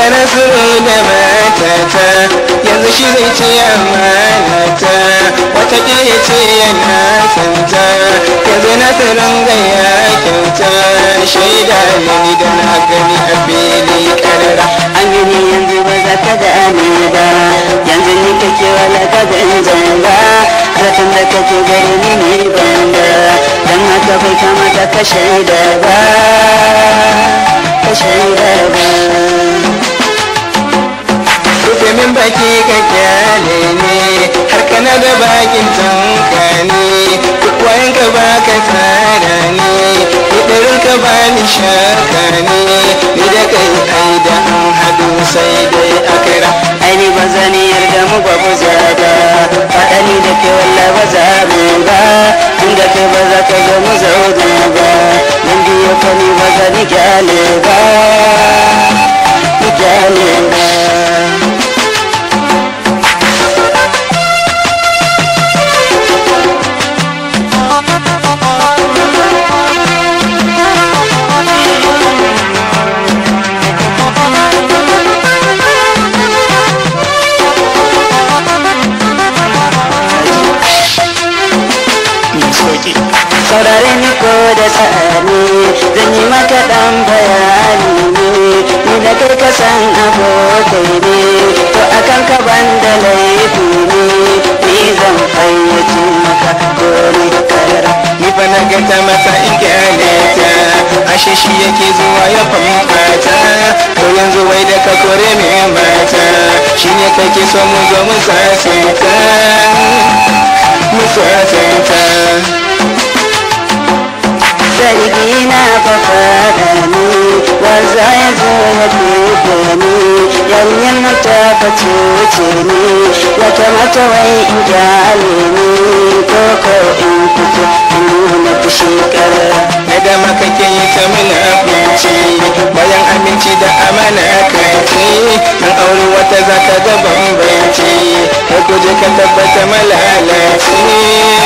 ga nasu da matata yanzu shi zai ce amanata wata ya ce yana santa yanzu na tarin ya kyauta shaida ne da na gani a fili karara an gani yanzu ba za ka gane ba yanzu ni kake wala ka gani ba zaton da kake gani ne ban ba don haka bai kamata ka shaida ba ka shaida ba ganin baki ka kyale ne har kana da bakin tanka ne wayan ka ba ka tsara ne kudurin ka ba ni shaka ne ni da kai da an hadu sai dai akira ai ni ba zan yarda mu ba mu zaga faɗa ni da ke walla ba za mu ba tun da ke ba za ka zo mu zauna ba mun biyo ka ni ba zan gyale ba saurare ni ko da sa'ani zan yi maka dan bayani ne ni da kai ka san abokai ne to akan ka ban da laifi ne ni zan fayyace maka gori karara ni fa na ganta masa in kyale ta ashe shi yake zuwa ya fanka ta to yanzu wai da ka kore ne mata shi ne kake so mu zo mu sasanta mu sasanta zargina fafa da ni wanza ya zo ya duka ni yanyan mata ka cuce ni wata mata wai in ni ko ko in fito in nuna fushi kara da dama kake yi ta mana abinci bayan aminci da amana ka aure an auri wata zaka ga bambanci ka guje ka tabbata malalaci